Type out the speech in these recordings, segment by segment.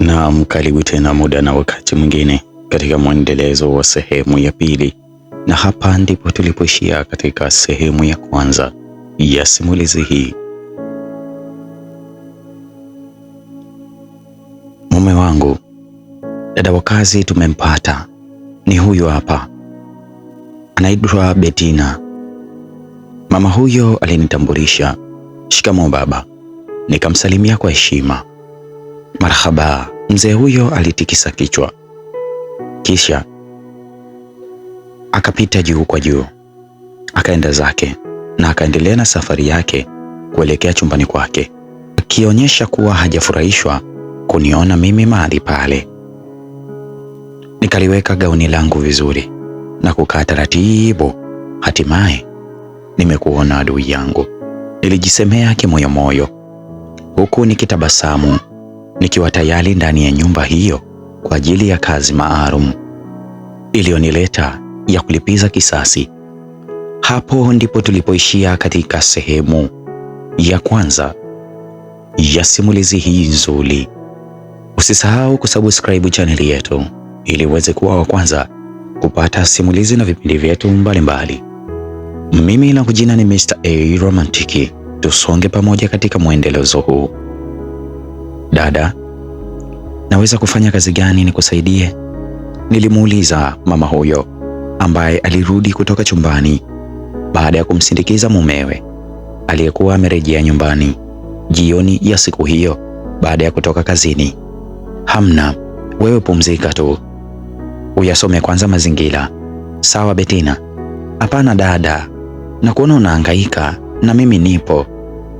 Naam, karibu tena muda na wakati mwingine katika mwendelezo wa sehemu ya pili, na hapa ndipo tulipoishia katika sehemu ya kwanza ya simulizi hii. Mume wangu, dada wa kazi tumempata, ni huyu hapa, anaitwa Betina. Mama huyo alinitambulisha. Shikamoo baba, nikamsalimia kwa heshima. Marhaba, mzee huyo alitikisa kichwa, kisha akapita juu kwa juu, akaenda zake na akaendelea na safari yake kuelekea chumbani kwake, akionyesha kuwa hajafurahishwa kuniona mimi mahali pale. Nikaliweka gauni langu vizuri na kukaa taratibu. Hatimaye nimekuona adui yangu, nilijisemea kimoyomoyo, huku nikitabasamu nikiwa tayari ndani ya nyumba hiyo kwa ajili ya kazi maalum iliyonileta ya kulipiza kisasi. Hapo ndipo tulipoishia katika sehemu ya kwanza ya simulizi hii nzuri. Usisahau kusubscribe chaneli yetu ili uweze kuwa wa kwanza kupata simulizi na vipindi vyetu mbalimbali. Mimi na kujina ni Mr. A Romantiki. Tusonge pamoja katika mwendelezo huu. Dada, naweza kufanya kazi gani nikusaidie? Nilimuuliza mama huyo ambaye alirudi kutoka chumbani baada ya kumsindikiza mumewe aliyekuwa amerejea nyumbani jioni ya siku hiyo baada ya kutoka kazini. Hamna, wewe pumzika tu, uyasome kwanza mazingira. Sawa Betina? Hapana dada, na kuona unahangaika na mimi nipo,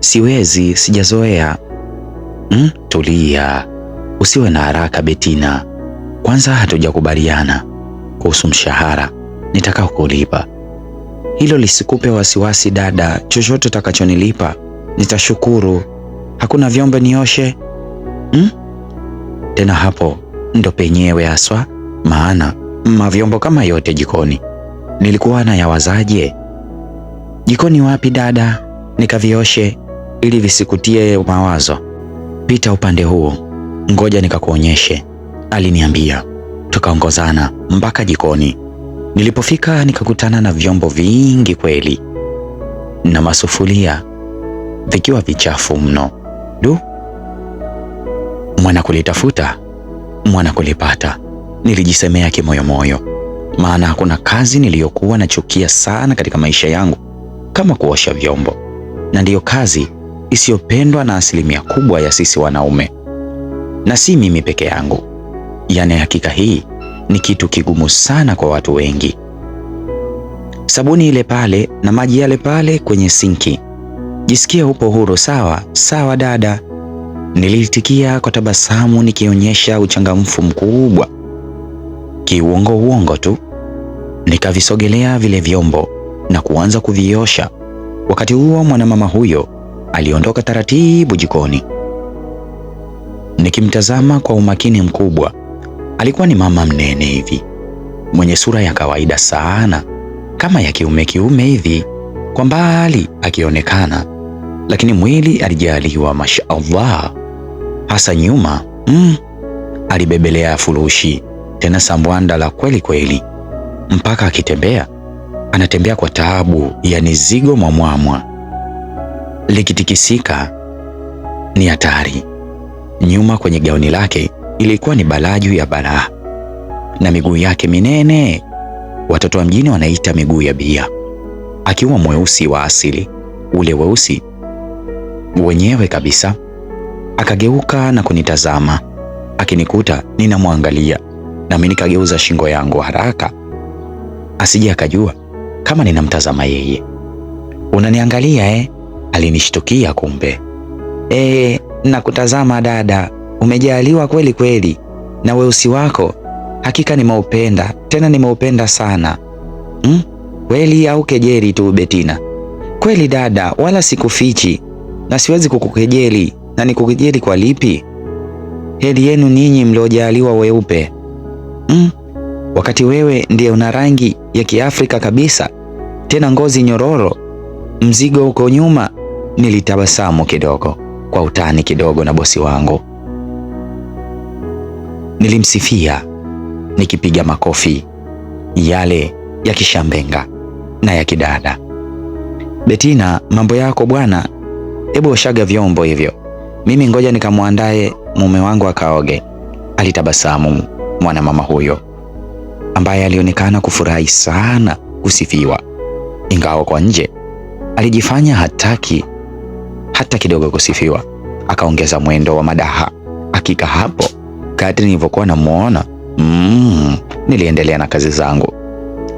siwezi, sijazoea. Hmm? Tulia, usiwe na haraka Betina. Kwanza hatujakubaliana kuhusu mshahara nitakao kulipa. Hilo lisikupe wasiwasi dada, chochote utakachonilipa nitashukuru. Hakuna vyombo nioshe hmm? Tena hapo ndo penyewe haswa, maana mavyombo kama yote jikoni nilikuwa na yawazaje? Jikoni wapi dada, nikavioshe ili visikutie mawazo pita upande huo, ngoja nikakuonyeshe, aliniambia. Tukaongozana mpaka jikoni. Nilipofika nikakutana na vyombo vingi kweli na masufuria vikiwa vichafu mno. Du, mwana kulitafuta mwana kulipata, nilijisemea kimoyomoyo, maana hakuna kazi niliyokuwa nachukia sana katika maisha yangu kama kuosha vyombo, na ndiyo kazi isiyopendwa na asilimia kubwa ya sisi wanaume, na si mimi peke yangu. Yaani hakika hii ni kitu kigumu sana kwa watu wengi. Sabuni ile pale na maji yale pale kwenye sinki, jisikia upo huru. Sawa sawa dada, niliitikia kwa tabasamu nikionyesha uchangamfu mkubwa, kiuongo uongo tu. Nikavisogelea vile vyombo na kuanza kuviosha. Wakati huo mwanamama huyo aliondoka taratibu jikoni. Nikimtazama kwa umakini mkubwa, alikuwa ni mama mnene hivi mwenye sura ya kawaida sana, kama ya kiume kiume hivi kwa mbali akionekana, lakini mwili alijaliwa, mashaallah, hasa nyuma mm, alibebelea furushi tena sambwanda la kweli kweli, mpaka akitembea anatembea kwa taabu ya nizigo mwamwamwa likitikisika ni hatari. Nyuma kwenye gauni lake ilikuwa ni balaa juu ya balaa, na miguu yake minene watoto wa mjini wanaita miguu ya bia, akiwa mweusi wa asili, ule weusi wenyewe kabisa. Akageuka na kunitazama, akinikuta ninamwangalia, nami nikageuza shingo yangu haraka asije akajua kama ninamtazama yeye. Unaniangalia eh? alinishtukia kumbe. ee nakutazama dada, umejaliwa kweli kweli na weusi wako, hakika nimeupenda, tena nimeupenda sana. Mm? Kweli au kejeli tu Betina? Kweli dada, wala sikufichi na siwezi kukukejeli. Na nikukejeli kwa lipi? Heri yenu ninyi mliojaliwa weupe. Mm? Wakati wewe ndiye una rangi ya Kiafrika kabisa, tena ngozi nyororo, mzigo uko nyuma Nilitabasamu kidogo kwa utani kidogo na bosi wangu. Nilimsifia nikipiga makofi yale ya kishambenga na ya kidada. Betina, mambo yako bwana, hebu oshaga vyombo hivyo, mimi ngoja nikamwandae mume wangu akaoge. Alitabasamu mwanamama huyo ambaye alionekana kufurahi sana kusifiwa, ingawa kwa nje alijifanya hataki hata kidogo kusifiwa. Akaongeza mwendo wa madaha. Hakika hapo kadri nilivyokuwa namwona, mm, niliendelea na kazi zangu.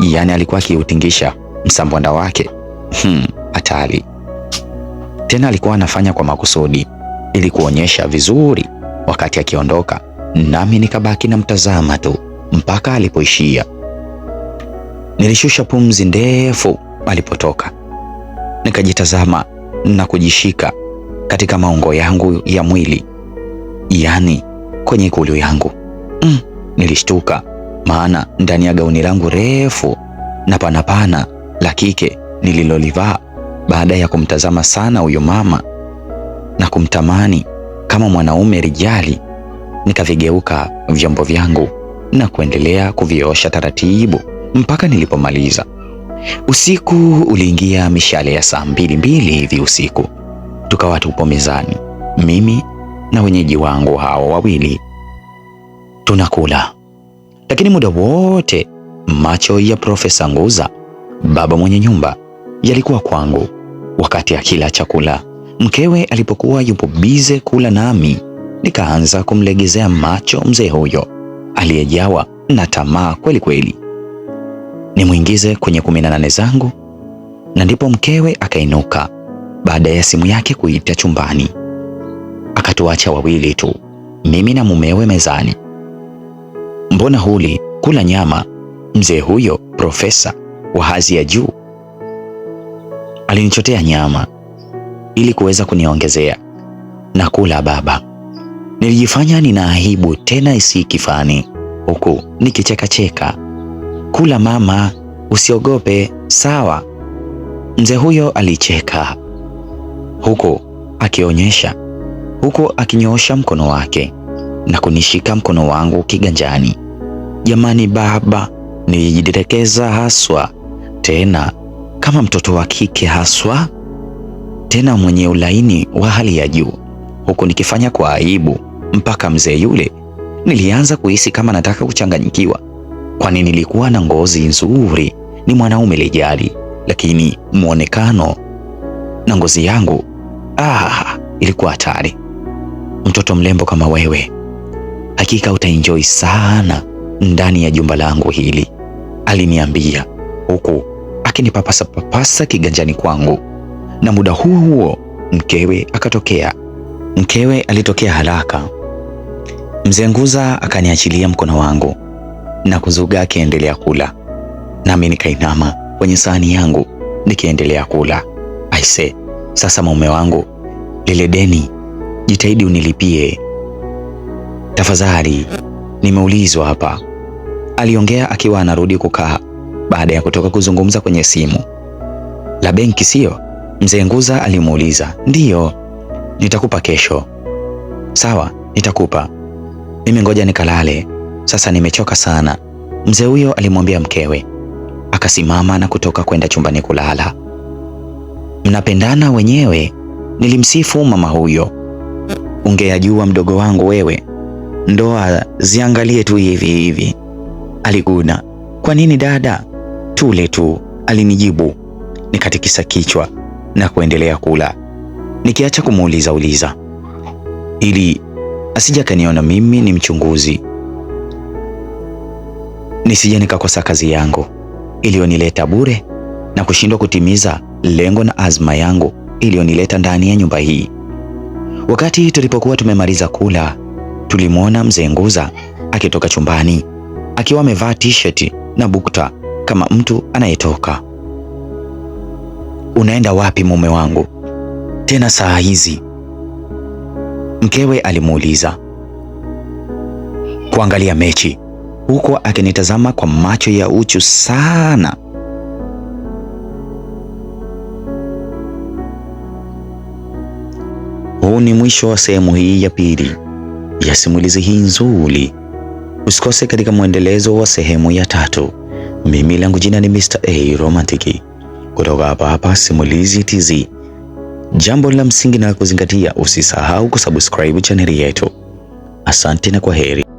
Yaani alikuwa akiutingisha msambwanda wake hmm, hatari. Hmm, tena alikuwa anafanya kwa makusudi ili kuonyesha vizuri. Wakati akiondoka, nami nikabaki na mtazama tu mpaka alipoishia. Nilishusha pumzi ndefu alipotoka, nikajitazama na kujishika katika maungo yangu ya mwili, yaani kwenye ikulu yangu. Mm, nilishtuka maana ndani ya gauni langu refu na panapana la kike nililolivaa baada ya kumtazama sana huyo mama na kumtamani kama mwanaume rijali, nikavigeuka vyombo vyangu na kuendelea kuviosha taratibu mpaka nilipomaliza. Usiku uliingia mishale ya saa mbili mbili hivi usiku, tukawa tupo mezani, mimi na wenyeji wangu hao wawili tunakula, lakini muda wote macho ya Profesa Nguza, baba mwenye nyumba, yalikuwa kwangu wakati akila chakula. Mkewe alipokuwa yupo bize kula nami nikaanza kumlegezea macho mzee huyo aliyejawa na tamaa kweli kweli nimwingize kwenye kumi na nane zangu. Na ndipo mkewe akainuka baada ya simu yake kuita chumbani, akatuacha wawili tu, mimi na mumewe mezani. Mbona huli kula nyama? Mzee huyo profesa wa hadhi ya juu alinichotea nyama ili kuweza kuniongezea na kula. Baba, nilijifanya nina aibu tena isi kifani, huku nikichekacheka Kula mama, usiogope, sawa? Mzee huyo alicheka huku akionyesha huku akinyoosha mkono wake na kunishika mkono wangu kiganjani. Jamani baba, nilijidekeza haswa, tena kama mtoto wa kike haswa, tena mwenye ulaini wa hali ya juu, huku nikifanya kwa aibu mpaka mzee yule. Nilianza kuhisi kama nataka kuchanganyikiwa kwani nilikuwa na ngozi nzuri, ni mwanaume lijali, lakini mwonekano na ngozi yangu ah, ilikuwa hatari. Mtoto mrembo kama wewe hakika utaenjoy sana ndani ya jumba langu hili, aliniambia huku akinipapasa papasa kiganjani kwangu, na muda huo huo mkewe akatokea. Mkewe alitokea haraka. Mzee Nguza akaniachilia mkono wangu na kuzuga akiendelea kula, nami nikainama kwenye sahani yangu nikiendelea kula. Aise, sasa mume wangu, lile deni jitahidi unilipie tafadhali, nimeulizwa hapa, aliongea akiwa anarudi kukaa baada ya kutoka kuzungumza kwenye simu. La benki sio Mzee Nguza alimuuliza. Ndiyo, nitakupa kesho. Sawa, nitakupa mimi, ngoja nikalale sasa nimechoka sana, mzee huyo alimwambia mkewe. Akasimama na kutoka kwenda chumbani kulala. Mnapendana wenyewe, nilimsifu mama huyo. Ungeyajua mdogo wangu wewe, ndoa ziangalie tu hivi hivi, aliguna. Kwa nini dada? Tule tu, alinijibu. Nikatikisa kichwa na kuendelea kula, nikiacha kumuuliza uliza ili asija kaniona mimi ni mchunguzi nisije nikakosa kazi yangu iliyonileta bure na kushindwa kutimiza lengo na azma yangu iliyonileta ndani ya nyumba hii. Wakati tulipokuwa tumemaliza kula, tulimwona mzee Nguza akitoka chumbani akiwa amevaa t-shirt na bukta kama mtu anayetoka. Unaenda wapi mume wangu tena saa hizi? Mkewe alimuuliza. Kuangalia mechi huko akinitazama kwa macho ya uchu sana. Huu ni mwisho wa sehemu hii ya pili ya simulizi hii nzuri. Usikose katika mwendelezo wa sehemu ya tatu. Mimi langu jina ni Mr. A Romantic kutoka hapa hapa Simulizi Tz. Jambo la msingi na kuzingatia, usisahau kusubscribe chaneli yetu. Asante na kwa heri.